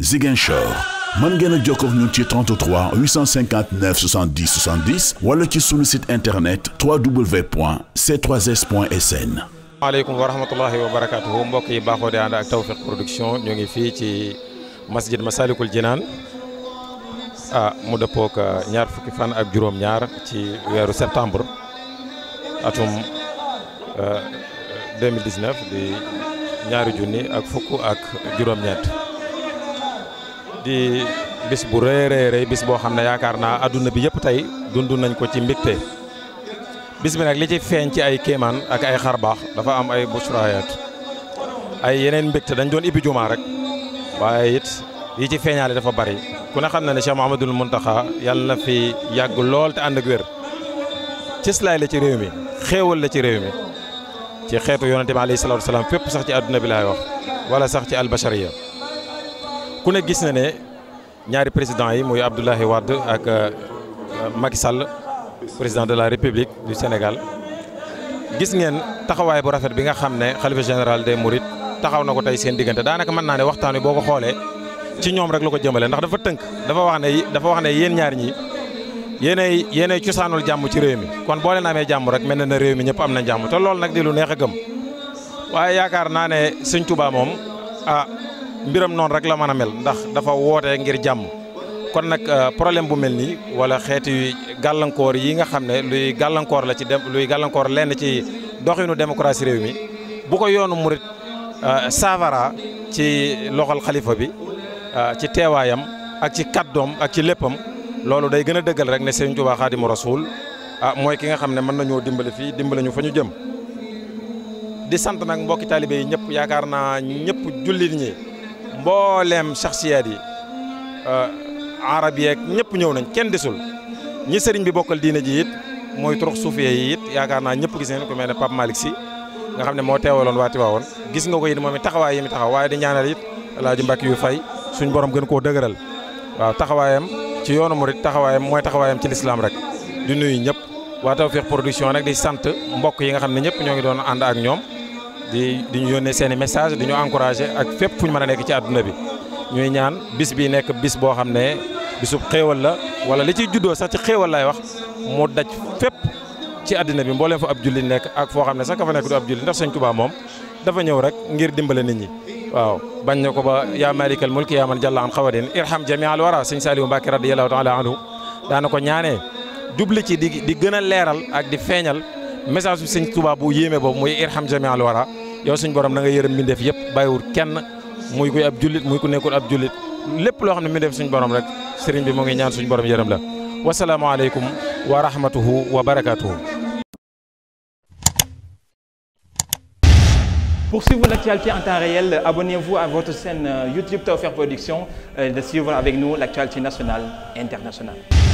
Ziguinchor mën ngeen a jokkoo ak ñun ci 33 859 70 70 wala ci sunu site internet www.c3s.sn. maaleykum wa rahmatullahi wa barakaatuhu mbokk yi baaxoo di ànd ak Tawfekh Production ñu ngi fii ci masjid Masalikul Jinaan ah mu dëppook ñaar fukki fan ak juróom-ñaar ci weeru septembre atum 2019 di ñaari junni ak fukk ak juróom-ñett. di bis bu rëy rëy rëy bis boo xam ne yaakaar naa àdduna bi yëpp tey dundu nañ ko ci mbégte bis bi nag li ci feeñ ci ay kéemaan ak ay xar baax dafa am ay bushraayaat ay yeneen mbégte dañ doon ibbi jumaa rek waaye it yi ci feeñaale dafa bari ku ne xam na ne Cheikh Mouhamadoul Mountakha yàlla na fi yàgg lool te ànd ak wér cëslaay la ci réew mi xéewal la ci réew mi ci xeetu yonente bi alayhi salaatu wasalaam sax ci adduna bi laay wax wala sax ci albashariya ku ne gis na ne ñaari président yi muy Abdoulaye Wade ak euh, euh, Macky Sall président de la République du Sénégal gis ngeen taxawaay bu rafet bi nga xam ne xalifa général de Mourides taxaw na ko tey seen diggante daanaka mën naa ne waxtaan wi boo ko xoolee ci ñoom rek la ko jëmale ndax dafa tënk dafa wax ne dafa wax ne yéen ñaari ñi yéenay yéenay cosaanul jàmm ci réew mi kon boo leen amee jàmm rek mel na ne réew mi ñëpp am nañ jàmm te loolu nag di lu neex a mbiram noonu rek la mën a mel ndax dafa woote ngir jàmm kon nag euh, problème bu mel nii wala xeeti gàllankoor yi nga xam ne luy gàllankoor la ci dem luy gàllankoor lenn ci doxinu démocratie réew mi bu ko yoonu murit euh, saafara ci loxol xalifa bi euh, ci teewaayam ak ci doom ak ci léppam loolu day gën a dëggal rek ne Serigne Touba Khadimou Rasoul ah mooy ki nga xam ne mën nañoo dimbali fii dimbali ñu fa ñu jëm di sant nag mbokki taalibe yi ñëpp yaakaar naa ñëpp jullit ñi. mbooleem saxsiyaat yi euh, arab yeeg ñëpp ñëw nañ kenn desul ñi sëriñ bi bokkal diina ji it mooy turux suufiya yi it yaakaar naa ñëpp gis nañ ko mel ne Pape Malick nga xam ne moo teewaloon waa Tiwaawoon gis nga ko it moom it taxawaay yi mi taxaw waaye di ñaanal it El Hadj Mbacke yu fay suñ borom gën koo dëgëral waaw taxawaayam ci yoonu murit taxawaayam mooy taxawaayam ci lislaam rek di nuyu ñëpp waa Tawfekh Production nag di sant mbokk yi nga xam ne ñëpp ñoo ngi doon ànd ak ñoom di di ñu yónnee seen i message di ñu encouragé ak fépp fu ñu mën a nekk ci àdduna bi ñuy ñaan bis bi nekk bis boo xam ne bisub xéewal la wala li ciy juddoo sax ci xéewal lay wax mu daj fépp ci àddina bi mbooleem fa ab julli nekk ak foo xam ne sax ka fa nekk du ab julli ndax Sëñ Tuubaa moom dafa ñëw rek ngir dimbale nit ñi waaw bañ na ko ba yaa malikal mulki yaa man jàlla an xawadin irham jamial wara sëñ Saaliwu Mbàkke radiyallahu taala anhu daana ko ñaanee jubli ci di di gën leeral ak di feeñal message bi Sëñ Tuubaa bu yéeme boobu muy irham jamial yow suñu borom da nga yërëm mbindeef yëpp bàyyiwul kenn muy kuy ab jullit muy ku nekkul ab jullit lépp loo xam ne mbindeef suñu borom rek sëriñ bi moo ngi ñaan suñu borom yërëm la wasalaamaaleykum wa rahmatuhu wa barakatuhu. Pour suivre l'actualité en temps réel, abonnez-vous à votre chaîne euh, YouTube Tawfekh Production euh, et de suivre avec nous l'actualité nationale et internationale.